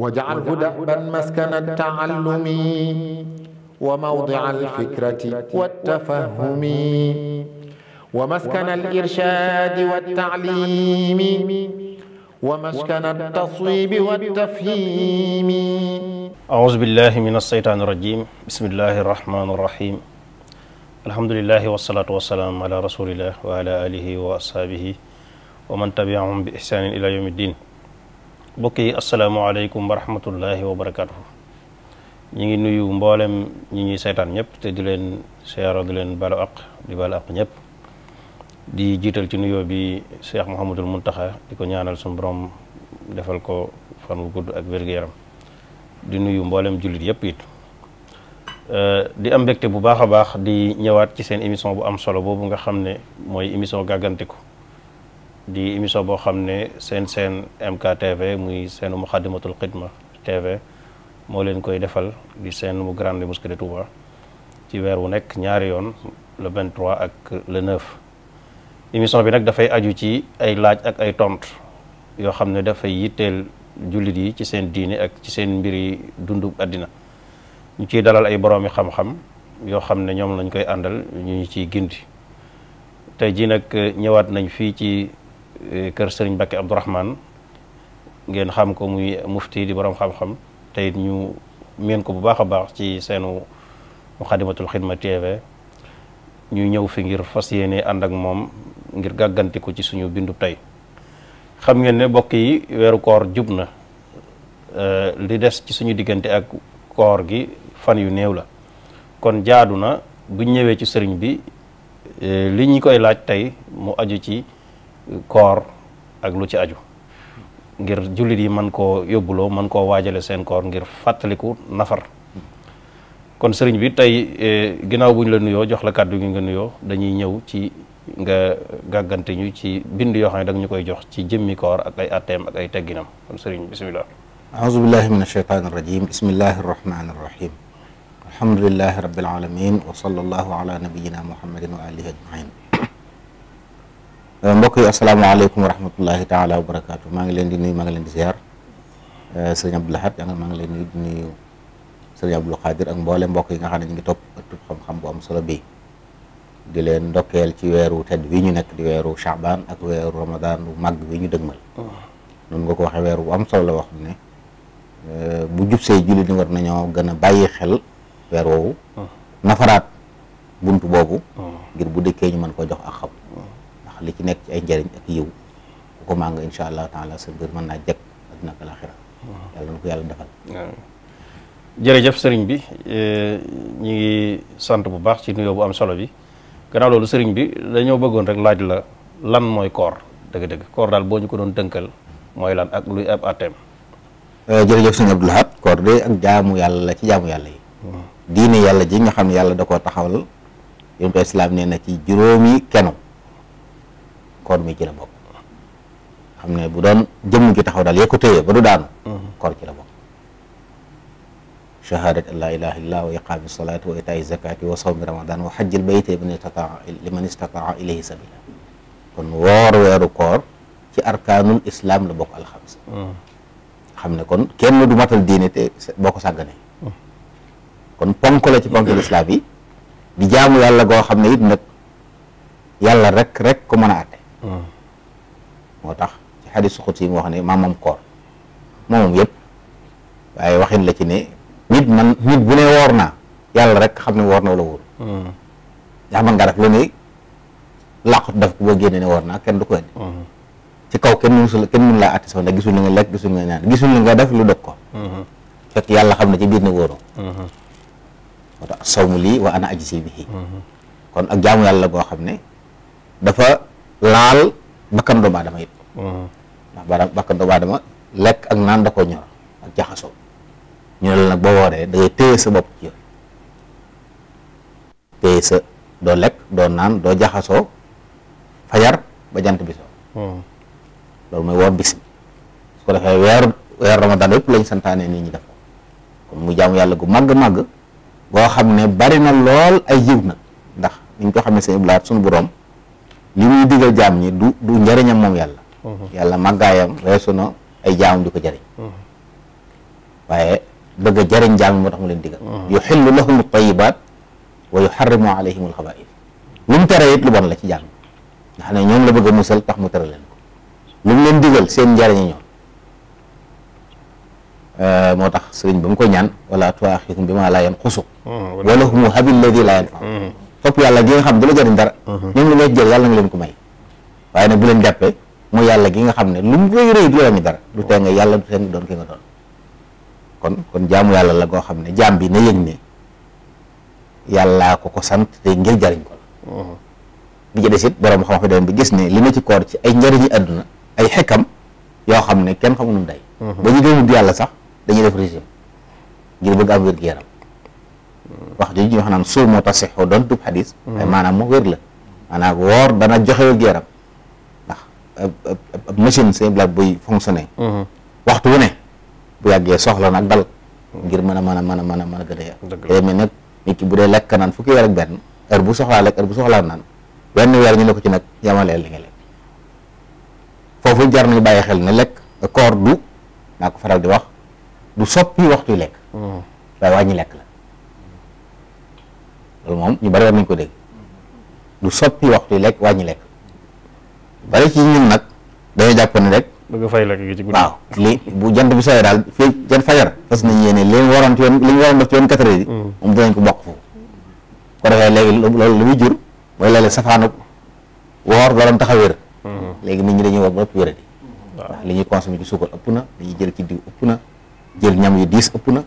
واجعله دأبا مسكن التعلم وموضع الفكرة والتفهم ومسكن الإرشاد والتعليم ومسكن التصويب والتفهيم أعوذ بالله من الشيطان الرجيم بسم الله الرحمن الرحيم الحمد لله والصلاة والسلام على رسول الله وعلى آله وأصحابه ومن تبعهم بإحسان إلى يوم الدين mbokk yi asalaamaaleykum wa wa barakaatu. ñu ngi nuyu mboolem ñi ñuy seetaan ñëpp te di leen seero di leen balu aq di balu aq ñëpp di jiital ci nuyoo bi Cheikh Mouhamadul Muntaxa di ko ñaanal suñu borom defal ko fan gudd ak wér yaram di nuyu mboolem jullit yëpp it. di am mbégte bu baax a baax di ñëwaat ci seen émission bu am solo boobu nga xam ne mooy émission gàggantiku di émission boo xam ne seen seen MKTV muy seenu Muxaddamatul Xidma TV moo leen koy defal di seen mu Grande Mosquée de ci weer wu nekk ñaari yoon le 23 ak le 9. émission bi nag dafay aju ci ay laaj ak ay tontu yoo xam ne dafay yitteel jullit yi ci seen diine ak ci seen mbir yi dundu àddina ñu ciy dalal ay boroomi xam-xam yoo xam ne ñoom lañ koy àndal ñu ñu ciy gindi. tey jii nag ñëwaat nañ fii ci Eh, kër sëriñ Bakke Abdourahman ngeen xam ko muy mufti di borom xam-xam te ñu meen ko bu baax a baax ci seenu Muxaddamatul Xidma TV ñu ñëw fi ngir fas yéene ànd ak moom ngir ko ci suñu bindu tey xam ngeen ne bokk yi weeru koor jub na eh, li des ci suñu diggante ak koor gi fan yu néew la kon jaadu na buñ ñëwee ci sëriñ bi eh, li ñu koy laaj tey mu aju ci koor ak lu ci aju ngir jullit yi man koo yóbbuloo man koo waajale seen koor ngir fàttaliku nafar kon sëriñ bi tey e, ginnaaw bu ñu la nuyoo jox la kàddu gi nga nuyoo dañuy ñëw ci nga gàggante ñu ci bind yoo xam ne danga ñu koy jox ci jëmmi koor ak ay atteem ak ay tegginam kon sëriñ bisimilah aouzu billahi min ashaytan irrajim bismillahi arrahmani irrahim alhamdulilahi rabbil alamin wa sallallahu ala nabiyina muhammadin wa alihi ajmain Euh, mbokk yi asalaamaaleykum wa rahmatullahi taala wa barakaatu maa ngi leen di nuyu maa ngi leen di ziar euh, sëriñ Abdou Lahad maa ngi leen di nuyu sëriñ Abdou Khadir ak mboole mbokk yi nga xam ne ñu ngi topp ëttub xam bu am solo bii di leen ndokkeel ci weeru tedd wi ñu nekk di weeru Chaban ak weeru Ramadan bu mag bi ñu dëgmal. noonu nga ko waxee weer bu am solo la wax ne euh, bu jub see jullit ñi war nañoo gën a bàyyi xel weer woowu. Ah. nafaraat buntu boobu. Ah. ngir bu dëkkee ñu mën koo jox ak li ci nekk ci ay njëriñ ak yiw ku ko màng incha allah taala sa mbir mën naa jekk àdduna ak alaxira yàlla na ko yàlla defal jërëjëf sëriñ bi e, ñi ngi sant bu baax ci am solo bi gannaaw loolu sëriñ bi dañoo bëggoon rek laaj la lan mooy koor dëgg-dëgg koor daal boo ñu ko doon tënkal mooy lan ak luy ab àtteem e, jërëjëf sëriñ Abdou Lahad koor de ak jaamu yàlla la ci jaamu yàlla yi hmm. diine yàlla ji nga xam ne yàlla da koo taxawal yonent islaam nee na ci juróomi kenu koor mi ci la bokk xam ne bu ko téye mm-hmm. kon mm-hmm. kon kenn du matal diine te boo ko sàggane mm-hmm. kon ponk la ci ponk lislaam yi di jaamu yàlla goo ko mën a moo tax ci xadis suxut yi mu wax ne maa moom koor moomoom yëpp waaye waxin la ci ne nit man nit bu ne woor naa yàlla rek xam ne woor na wala wóor ndax man nga def lu ne làqut daf ko boo génne ne woor naa kenn du ko indi ci kaw kenn mënu kenn mënu laa atte sax ndax gisul li nga lekk gisul li nga naan gisul li def lu dog ko fekk yàlla xam ne ci biir ne wóoroo moo tax sawmu lii wa ana ajzi bihi mm-hmm. kon ak jaamu yàlla boo xam ne dafa laal bakkan doomu aadama it mm-hmm. ndax ba bakkan doomu aadama lekk ak naan da ko ñor ak jaxasoo ñu ne la nag boo wooree da téye sa bopp ci yooyu téye sa doo lekk doo naan doo jaxasoo yar ba jant bi soo mm-hmm. loolu mooy woor bis bi su ko defee weeru weeru ramadan yëpp lañ santaane nit ñi def ko mu jaamu yàlla gu màgg-màgg boo xam ne bari na lool ay jiw nag ndax niñ ko xam ne seen iblaat suñu borom li mu digal jaam ñi du du njariñam moom yàlla mhm. yàlla màggaayam weesu na ay jaamam di ko jariñ mhm. waaye bëgg a jariñ jaam ñi moo tax mu leen digal mhm. yuxillu lahum tayibaat wa yuxarrimu alayhim alxabaa'is lu mu tere it lu bon la ci jaam nga xam ñoom la bëgg a musal tax mu tere leen ko lu mu leen digal seen njariñ ñoom euh, moo tax sëriñ ba mu ko ñaan wala tuaxihum bi ma laa yanqusu wa lahum habi alladi laa yanfa topp yàlla gi nga xam du la jëriñ dara mhm. ñoom li ngay jël yàlla nga leen ko may waaye nag bu leen jàppee mooy yàlla gi nga xam ne lu mu rëy rëy du la ñu dara lu tee nga yàlla du tee nga doon ki nga kon kon jaamu yàlla la goo xam ne jaam bi na yëg ne yàllaa ko ko sant te ngir jariñ ko la mhm. bi ci des it borom xam-xam dem gis ne li na ci koor ci ay njariñi àdduna ay xekkam yoo xam ne kenn xamu nu mu mhm. ba ñu doon wut yàlla sax dañuy def régime ngir bëgg am wér gu wax ji ñuy wax naan soo moo tax sexoo doon tub mm. maanaam mu la maanaam woor dana joxe wér yaram ndax ab machine la buy fonctionné mm-hmm. waxtu wu ne bu yàggee soxla nag dal ngir mën a mën a mën a mën a mën gën a yàq day nag nit bu dee lekk naan fukki weer ak benn heure bu soxlaa lekk bu soxlaa naan benn weer ñu ne ci nag yamaleel li nga lekk foofu jar nañu bàyyi xel ne lekk koor du naa ko faral di wax du soppi waxtu lekk mm-hmm. waaye wàññi lekk la loolu moom ñu bari war nañ ko dégg lu soppi waxtu lekk wàññi lekk bari ci ñun nag dañoo jàpp ne rek. bëgg fay lekk gi ci guddi waaw li bu jant bi sooyee daal fii jant fajar fas nañ yéene li mu waroon ci yoon li mu waroon def ci yoon quatre heures yi. Mm. moom dinañ ko bokk foofu. ko defee léegi loolu lu muy jur mooy léeg-léeg safaanu woor doon tax a mm-hmm. léegi nit ñi dañuy wax ba ëpp wéradi. waaw li ñuy consommer ci suukar ëpp na li ñu jël ci diw ëpp na jël ñam yu diis ëpp na.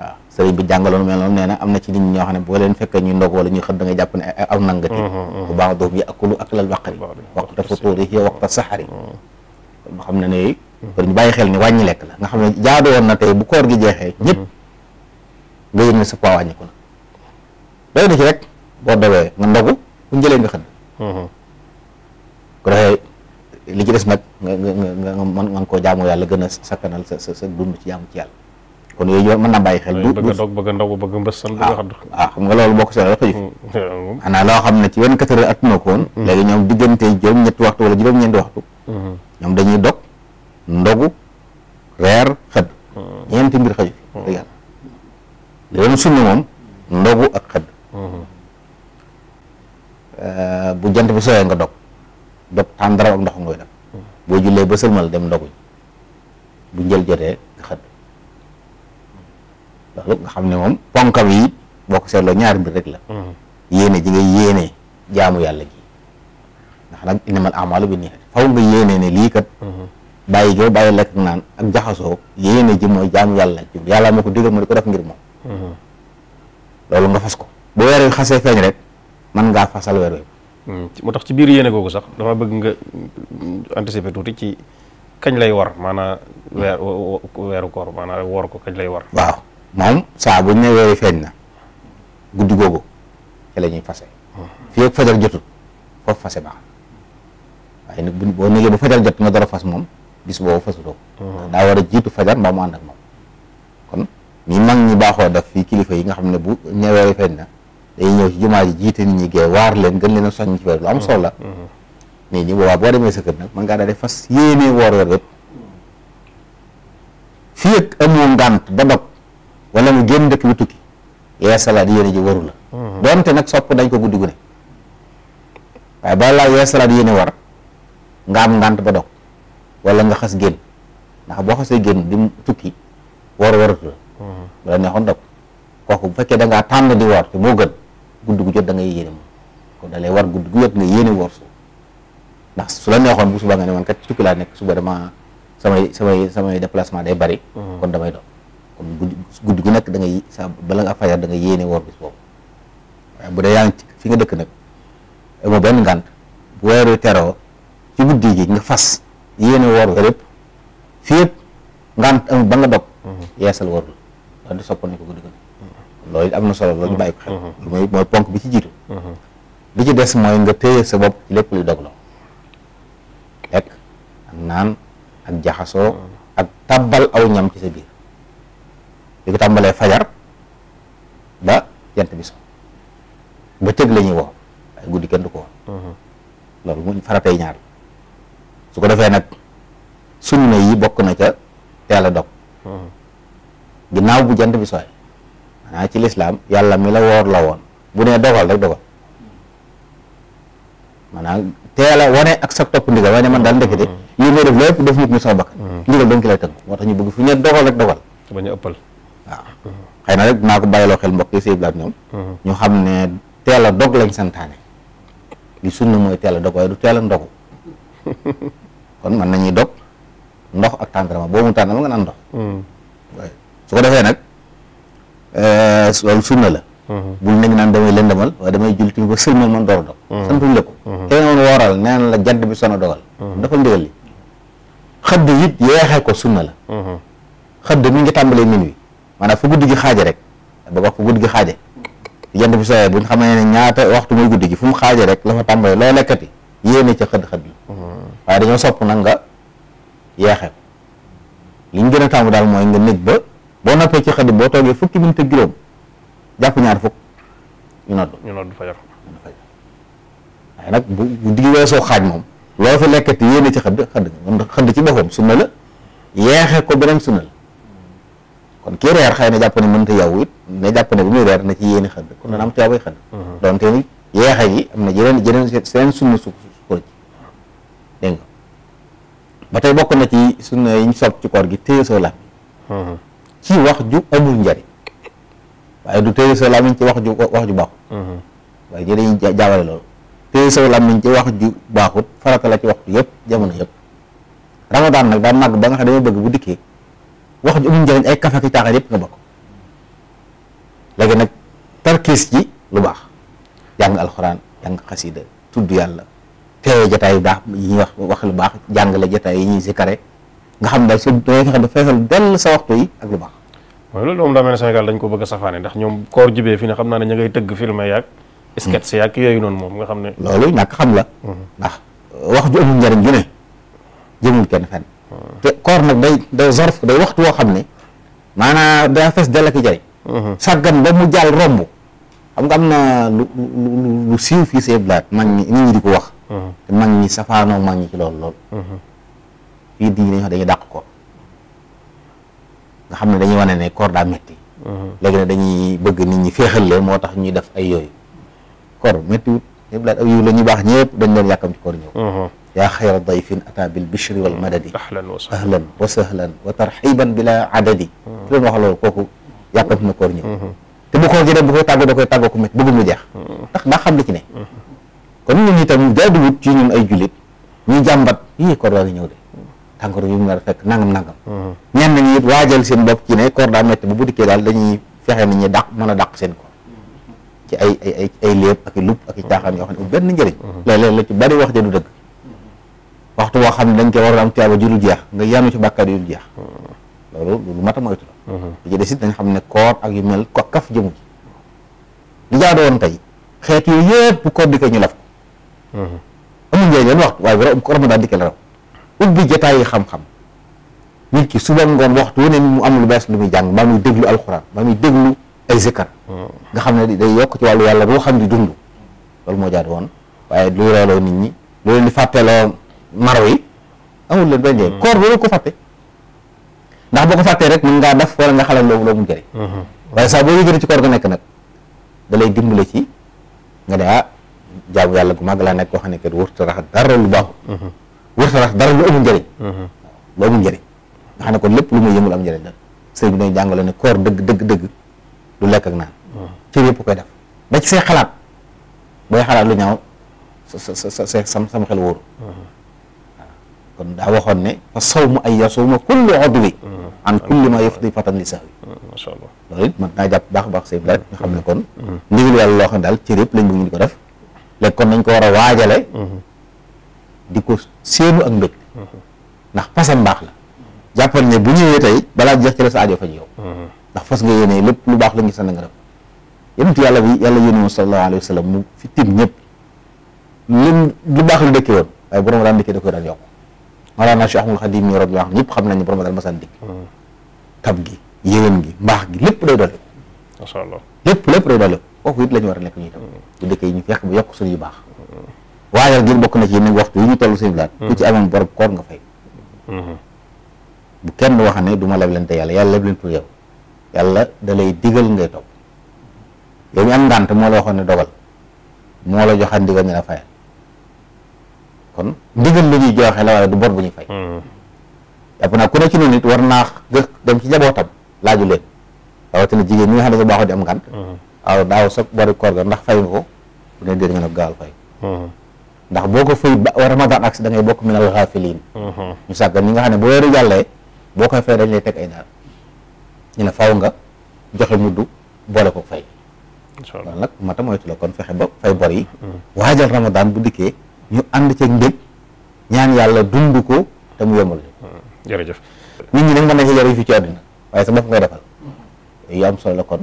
waaw sëriñ bi jàngaloon mel noonu nee na am na ci nit ñi ñoo xam ne boo leen fekkee ñuy ndog wala ñuy xëdd da ngay jàpp ne aw nangati mm-hmm, mm-hmm. bu baax doom yi akulu aklal baqari waxta futuuri yi waxta saxari mm-hmm. ma xam ne ne ñu bàyyi xel ni wàññi lekk la nga xam ne jaadu woon na tey bu gi jeexee ñëpp sa poids wàññiku boo dawee nga ndogu bu ko defee li ci des nag nga nga nga nga mën nga koo jaamu yàlla gën a sakkanal sa sa sa dund ci jaamu ci yàlla kon yooyu mën na bàyyi xel. bëgg a dog bëgg a ndaw bëgg a mbëssan bëgg a ah, xaddu. ah xam nga loolu bokk si dafa yëf. Hmm, xanaa loo xam ne ci wenn quatre heures atuna ko woon. Hmm. léegi ñoom diggante juróom ñetti waxtu wala juróom-ñeenti waxtu. Hmm. ñoom dañuy dog ndogu reer xëdd. ñeenti mbir xëy. dëgg li doon sunna moom ndogu ak xëdd. Euh, bu jant bi sooyee nga dog dog tàndara ak ndox ngoy def. boo jullee ba sëlmal dem ndogu. ko seetloo ñaari mbir rek la hmm. yéene ji nga yéene jaamu yàlla gi ndax nag innamal a'maalu binniyaat faw nga yéene ne lii kat hmm. bàyyi goo bàyyi lekk naan ak jaxasoo yéene ji mooy jaamu yàlla ji yàlla moo ko digal mu ko def ngir moom hmm. loolu nga fas ko bu weer xasee feeñ rek mën ngaa fasal weer moo tax ci biir yéene googu sax dama bëgg nga tuuti ci lay war maanaam weer lay war waaw moom saa ne weeri feeñ na guddi googu ci la ñuy fase fii ak fajar jotul foofu fase baax waaye nag bu boo négee fajar jot nga dara fas moom bis boobu fasutoo daa war a jiitu fajar mbaa mu ànd ak moom kon ni mag ñi baaxoo def fii kilifa yi nga xam ne bu ñeweeri feeñ na ñëw ci jumaa ji jiite nit ñi gee waar leen gën leen a soññ ci weer lu am solo la nit ñi boobaa boo demee sa nag mën ngaa daal di fas yéenee woor weer yëpp fii ak amoo ngànt ba dog wala nga génn dëkk bi yeesalaat yéene ji waru la mhm. doonte nag sopp dañ ko guddi gu ne waaye ba laa yeesalaat yéene war nga am ngànt ba dog walla nga xas génn ndax boo xasee génn di tukki war waratu la mhm. bu la neexoon dog kooku bu fekkee dangaa ngaa tànn di woor te moo gën guddi gu jot da ngay yéene moom kon da lay war guddi gu jot nga yéene woor su ndax su la neexoon bu suba nga ne man kat ci laa nekk suba dama samay samay samay déplacement day bari mhm. kon damay doon kon guddi guddi gu nekk da ngay sa bala nga fajar da nga yéene woor bis waaye bu dee yaa ngi fi nga dëkk nag amoo benn ngànt bu weeru teroo ci guddi gi nga fas yéene woor weer yëpp fii yëpp ngànt am ba nga dog mhm. yeesal woor la loolu di sopp nañ ko guddi gën mhm. loolu am na solo loolu ñu xel mhm. mooy ponk bi ci jiitu li ci des mooy nga téye sa bopp ci lépp luy dogloo lekk ak naan ak jaxasoo ak tabbal aw ñam ci sa biir li ko tàmbalee fajar ba jant bi so ba cëg la ñuy woo waaye guddi kenn ko woon mhm. loolu mu faratay ñaar su ko defee nag suñ sunna yi bokk na ca teel dog mhm. ginnaaw bu jant bi sooy maanaam ci lislaam yàlla mi la woor la woon bu nee dogal rek dogal maanaam teel a wane ak sa topp ndigal wane man daal ndekete mhm. lii may def lépp def nit ñi sama bakkan ndigal doon ki lay tënk moo tax ñu bëgg fu ñu ne dogal rek dogal waaw xëy na rek dinaa ko bàyyiloo xel mbokk yi sëy blaat ñoom hmm. ñu xam ne teel a dog lañ santaane li sunna mooy teel a dog waaye du teel a ndogu kon mën nañuy dog ndox ak tàndarma boo mu tàndarma nga naan ndox hmm. su ko defee nag euh, loolu la hmm. bul nañ naan damay lëndamal waaye damay julti ba sëlmal man door a dog santuñ la ko keneen wooral neen la jant bi sono dogal dafa ndigal li xëdd it yeexee ko sunna la xëdd mi ngi tàmbalee minuit maanaam fu guddi gi xaaje rek bëgg wax fu guddi gi xaaje jant bi sooyee buñ xamee ne ñaata waxtu muy guddi gi fu mu xaaje rek la fa tàmbalee loo lekkati yéene ca xëdd-xëdd mm-hmm. waaye dañoo sopp nag nga yeexe li gën a tàmbu daal mooy nga ba boo noppee ci xëdd boo toogee fukki minute ak juróom jàpp ñaar fukk ñu nodd ñu nodd fajar nag bu guddi gi weesoo xaaj moom loo fi lekkati yéene ci xëdd xëdd xëdd ci boppam sunna la yeexe ko beneen sunna la kon kii reer xëy na jàpp ne mënta yow it ne jàpp ne bu muy reer na ci yéeni xëdd kon dana am tuyaabay xëdd mhm. donte ni yeexe yi am na jeneen jeneen seen sunna su koor ji dégg nga ba tey bokk na ci sunna ci koor gi téye soo làmmiñ mhm. ci wax ju amul njariñ waaye du téye soo làmmiñ ci wax ju wax ju baaxut mhm. waaye ñi dañuy jaawale loolu téye soo làmmiñ ci wax ju baaxut farata la ci waxtu yëpp jamono yëpp ramadan nag daan màgg ba nga xam ne dañoo bëgg bu dikkee wax ju amul njëriñ ay kafaki taaxal yëpp nga bokk nag tarkiis ci lu baax jàng alxuraan jàng xasida tudd yàlla teewe jataay yu baax yi ñuy wax wax lu baax jàngale jataay yi ñuy sikkare nga xam daal su dangay fexe ba feesal dell ak lu baax waaye loolu moom daa mel ne ko bëgg a safaane ndax ñoom koor jibee fi ne xam naa ne ña ngay tëgg filmé yaag sketch yaag yooyu noonu moom nga xam ne loolu ñàkk xam la mhm. ndax wax ju amul njëriñ ju jëmul kenn fenn te koor nag day day zorf day waxtu woo xam ne maanaam daa fees dell ak i jëriñ mhm. sàggan ba mu jàll romb xam nga am na lu lu lu siiw fii see blaat mag ñi nit ñi di ko wax mhm. te mag ñi safaanoo mag ñi ci loolu lool mhm. fii di dañuy wax dañuy dàq ko nga xam ne dañuy wane ne koor daa metti léegi nag dañuy bëgg nit ñi féexal leen moo tax ñuy def ay yooyu koor méttiwut ñëpp laaj ak yiw la ñu baax ñëpp dañ doon yàkkam ci ñëw yaa xayra a ata bil bishri wal madadi ahlan wa sahlan wa tarxiban bila adadi ki leen wax loolu kooku yàqat na koor ñëw mhm. te bu koor gi dem bu koy tàggu da koy tàggu ku métti mu jeex mhm. ndax daa xam li ci ne mhm. kon ñun itam jaaduwut ci ñun ay jullit ñuy jàmbat yii koor waa ngi ñëw de tàngoor bi mu war a fekk nangam nangam ñenn ñi it waajal seen bopp ci ne koor daa métti bu bu dikkee daal dañuy fexe nañu dàq mën a dàq seen koor ci ay ay ay léeb ak i lupp ak i caaxaan yoo xam benn njëriñ léeg-léeg la ci bari waxtu woo xam ne dañ cee war a am tiyaaba ju dul jeex nga yanu ci bàkkaar yu dul jeex hmm. loolu loolu mat a moytu la hmm. xam ne koor ak yu mel ko kaf jëmu ji li jaadu woon tey xeet yooyu yëpp bu koor dikkee ñu laf ko hmm. amul njëriñ leen waxtu waaye bu ramadan dikkee la yi xam nit ki suba ngoon waxtu wu ne mu am lu bees ba muy déglu alxuraan ba muy déglu ay zikkar nga xam ne day yokk ci wàllu yàlla boo xam di dund loolu moo jaadu woon maro yi amul leen benn njëriñ mm. koor boobu ko fàtte ndax boo ko fàttee rek mën ngaa def wala nga xalaat loolu loolu mu jëriñ mm-hmm. waaye saa boo yëgëri ci koor ga nekk nag da lay ci nga ne ah jaamu yàlla gu màgg laa nekk koo xam ne kat wërta rax dara lu baaxul mm-hmm. wërta rax dara lu amul njëriñ mm-hmm. lu amul njëriñ nga xam ne kon lépp lu muy yëngul am njëriñ la sëriñ bi dañu jàngale ne koor dëgg dëgg dëgg lu lekk ak naan ci yëpp koy def ba ci say xalaat booy xalaat lu ñaaw sa sa sa sama xel wóoru kon daa waxoon ne fa sawmu ay yasuma kullu udwi an kulli ma yafdi fatan li sahwi loolu naa jàpp baax baax seen laaj nga xam ne kon mm-hmm. ndigal yàlla loo xam ne daal cër yëpp lañ bëgg ñu di ko def léegi kon nañ ko war a waajale mm-hmm. di ko séenu ak mbëg mm-hmm. ndax fasam baax la jàppal ne bu ñëwee tey balaa jeex ci la sa aajo faj yow ndax fas nga yéene lépp lu baax la ngi sant nga def yonent yàlla bi yàlla yónni woon sallallahu alayhi wa sallam mu fi tim ñëpp lim lu baax lu dëkkee woon waaye borom daan dëkkee da maanaam Cheikh Ahmadul Xadim yi radiyallaahu anhu ñëpp xam nañu borom dal masan di hmm. tab gi yéwén gi mbaax gi lépp day dolli macha allah lépp lépp day dolli foofu it la ñu war a nekk ñuy tam hmm. ci dëkk ñu yàq ba yokk suñuy baax waajal gi bokk na ci ni waxtu yi ñu toll seen bilaat hmm. ku ci amoon borom koor nga fay bu kenn wax ne du ma leblante yàlla yàlla leblantul yow yàlla da lay digal ngay topp yow ñu am ngànt moo la waxoon ne dogal moo la joxan digal ñu la fayal kon ndigal lu ñuy joxe la waaye du bor bu ñuy fay yàpp hmm. naa ku ne ci noonu nit war naa gëx dem ci njabootam laaju leen rawatina jigéen ñi xam ne sa baaxoo di am ngànt hmm. waaw daaw sa bari koor ndax fay nga ko bu ne déet hmm. ndax boo ko fay ba ramadan ak si da ngay bokk min al ñu sàggan ñi nga xam ne bu weeru jàllee boo koy fay dañ lay teg ay daal ñu ne faw nga joxe muddu boole ko fay loolu nag mata moytu la kon fexe ba fay bor yi waajal ramadan bu dikkee ñu ànd ceeg mbég ñaan yàlla dund ko te mu yombal ñu hmm. jërëjëf nit ñi nag mën nañ ci jëriñ fi ci àddina am solo la kon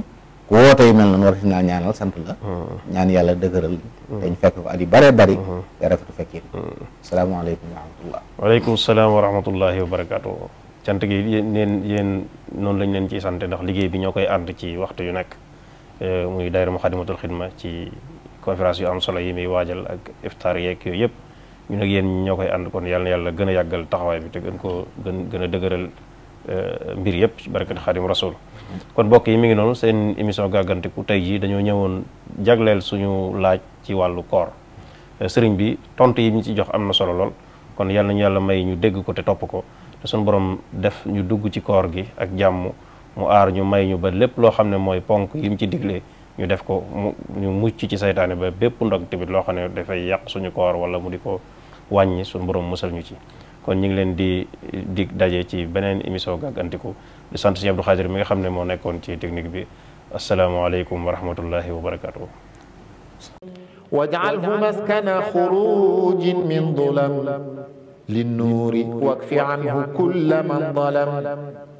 mel noonu war si naa ñaanal sant la hmm. ñaan yàlla dëgëral dañ hmm. fekk ko at yu bëree bëri nga rafetu fekkin salaamaaleykum wa rahmatullah waaleykum salaam wa rahmatullahi wa barakaatu cant gi yéen noonu lañ leen ciy sant ndax liggéey bi ñoo koy ànd ci waxtu yu nag eh, muy daayira Muxaddamatul Xidma ci conférence yu am solo yi muy waajal ak iftaar yeeg yooyu yëpp ñu ne yéen ñoo koy ànd kon yàlla yàlla gën a yàggal taxawaay bi te gën koo gën gën a dëgëral euh, mbir yëpp ci barakat xaadim kon mbokk yi mi ngi noonu seen émission gàggantiku tey jii dañoo ñëwoon jagleel suñu laaj ci wàllu koor euh, sëriñ bi tont yi ñu ci jox am na solo lool kon yàlla nañu yàlla may ñu dégg ko te topp ko te suñu borom def ñu dugg ci koor gi ak jàmm mu aar ñu may ñu ba lépp loo xam ne mooy ponk yi mu ci digle ñu def ko mu ñu mucc ci saytaane ba bépp ndog tamit loo xam ne dafay yàq suñu koor wala mu di ko wàññi suñu borom musal ñu ci kon ñu ngi leen di di daje ci beneen émission gàggantiku di sant si Abdou Khadir mi nga xam ne moo nekkoon ci technique bi asalaamaaleykum wa rahmatullahi wa barakatuhu waj'alhu maskana xurujin min dulam linnuuri wakfi anhu kulla man dalam